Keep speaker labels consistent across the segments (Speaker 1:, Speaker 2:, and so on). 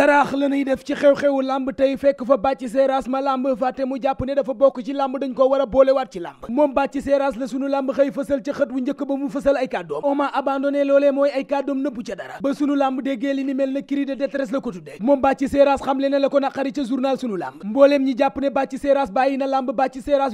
Speaker 1: saraax la ñuy def ci xew-xewu lamb tey fekk fa bàcc seeraas ma lamb fàtte mu jàpp ne dafa bokk ci lamb dañ ko war a boolewaat ci lamb moom bàcc seeraas la sunu lamb xëy fësal ca xët wu njëkk ba mu fësal ay kàddoom on m'a abandonné loolee mooy ay kàddoom nëbbu ca dara ba sunu lamb déggee li ni mel na cri de détresse la ko tuddee moom bàcc seeraas xam le la ko naqari ca journal sunu lamb mbooleem ñi jàpp ne bàcc seeraas bàyyi na lamb bàcc seeraas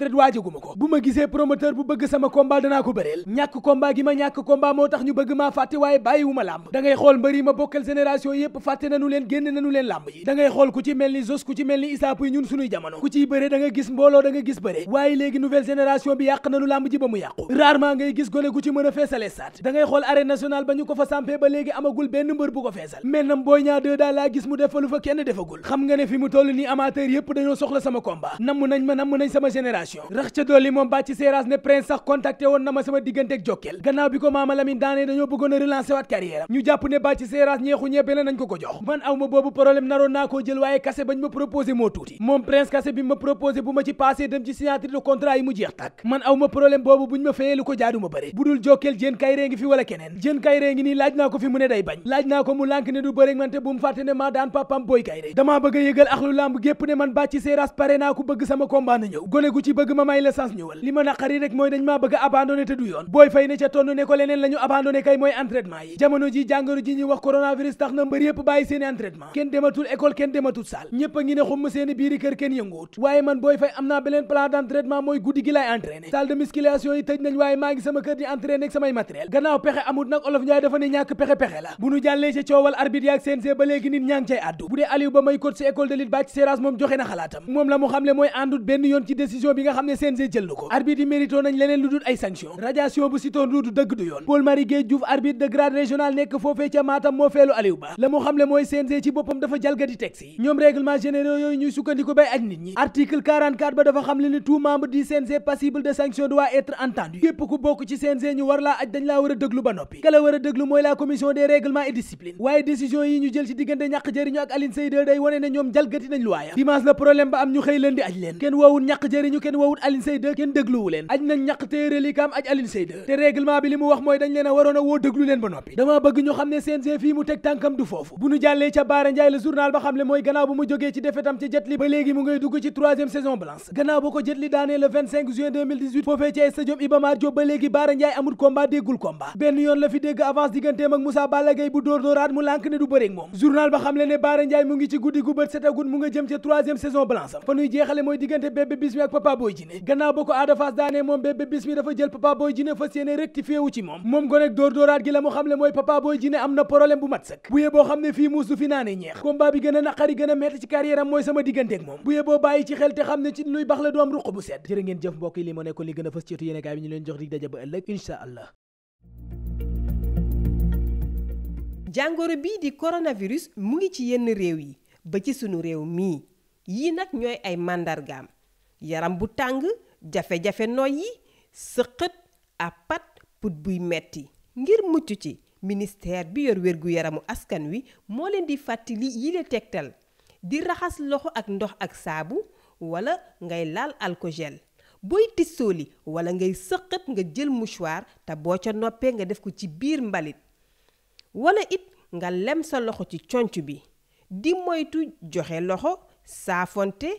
Speaker 1: retraite waajaguma ko bu ma gisee promoteur bu bëgg sama combat danaa ko bëreel ñàkk combat gi ma ñàkk combat moo tax ñu bëgg maa fàtte waaye bàyyiwu ma làmb da ngay xool mbër yi ma bokkal génération yépp fàtte nanu leen génn nanu leen làmb yi da ngay xool ku ci mel ni Zos ku ci mel ni Issa Pouye ñun suñuy jamono ku ciy bëre da nga gis mbooloo da nga gis bëre waaye léegi nouvelle génération bi yàq nanu làmb ji ba mu yàqu rarement ngay gis gone ku ci mën a feesale saat da xool arène nationale ba ñu ko fa sampee ba léegi ko feesal mel nam booy ñaa deux gis mu defalu fa kenn defagul xam nga ne fi mu toll ni amateur yépp dañoo soxla sama combat namm nañ ma nañ sama génération nomination rax ca dolli moom Bathie Seras ne prince sax contacté woon na ma sama diggante ak Jokkel gannaaw bi ko Maama Lamine daanee dañoo bëggoon a relancer ñu jàpp ne Bathie Seras ñeexu ñeppe la nañ ko ko jox man aw boobu problème naroon naa koo jël waaye kase bañ ma proposé moo tuuti moom prince kase bi ma proposé bu ma ci passé dem ci signature de contrat yi mu jeex tàkk man aw problème boobu buñ ma fayee lu ko jaaduma bëre bu dul Jokkel ci bëgg ma may la chance ñëwal li ma naqari rek mooy dañ maa bëgg a abandonné te du yoon booy fay ne ca tonn ne ko leneen la ñu abandonné kay mooy entraînement yi jamono ji jàngoro ji ñuy wax coronavirus tax na mbër yépp bàyyi seeni entraînement kenn dematul école kenn dematul salle ñépp a ngi ne xumm seeni biiri kër kenn yëngoot waaye man booy fay am naa beneen plan d'entraînement mooy guddi gi lay entraîné salle de musculation yi tëj nañ waaye maa ngi sama kër di entraîné ak samay décision bi nga xam ne CNG jël na ko arbitre yi mérito nañ leneen lu dul ay sanction radiation bu Sitor Ndour du dëgg du yoon Paul Marie Gueye Diouf arbitre de grade régional nekk foofee ca CNG ci boppam dafa jalgati teg ñoom règlement généraux yooyu ñuy sukkandiku bay aj nit ñi article 44 ba dafa xam le ni membre du CNG passible de sanction doit être entendu képp ku bokk ci CNG ñu war laa aj dañ laa war a ba noppi ka la war mooy la commission kenn woowut leen aj nañ ñaq tey relikaam aj Alioune Seye 2 te règlement bi li mu wax mooy dañ leen a waroon a woo déglu leen ba noppi dama bëgg ñu xam ne CNG fii mu teg tànkam du foofu bu ñu jàllee ca Baara la journal ba xam le mooy gannaaw bu mu jógee ci defetam ca Jet ba léegi mu ngay dugg ci troisième saison blanche gannaaw ba ko Jet Li daanee le 25 juin 2018 foofee ci stadium Iba Mar ba léegi Baara boo xam ne fii a naqari gën a am mooy sama digganteeg moom bu yee ne ci luy bax la du am ruq bu sedd jërë ngeen jëf mbokk yi
Speaker 2: li jàngoro bii di coronavirus mu ngi ci yenn réew yi ba ci sunu réew mii yii nag ñooy ay màndargaam yaram bu tàng jafe-jafe noyyi sëqët ab pat put buy metti ngir mucc ci ministère bi yor wér gu yaramu askan wi moo leen di fàttali yile tegtal di raxas loxo ak ndox ak saabu wala ngay laal alkogel booy tissooli wala ngay sëqat nga jël mouchoir te boo ca noppee nga def ko ci biir mbalit wala it nga lem sa loxo ci conc bi di moytu joxe loxo saafonte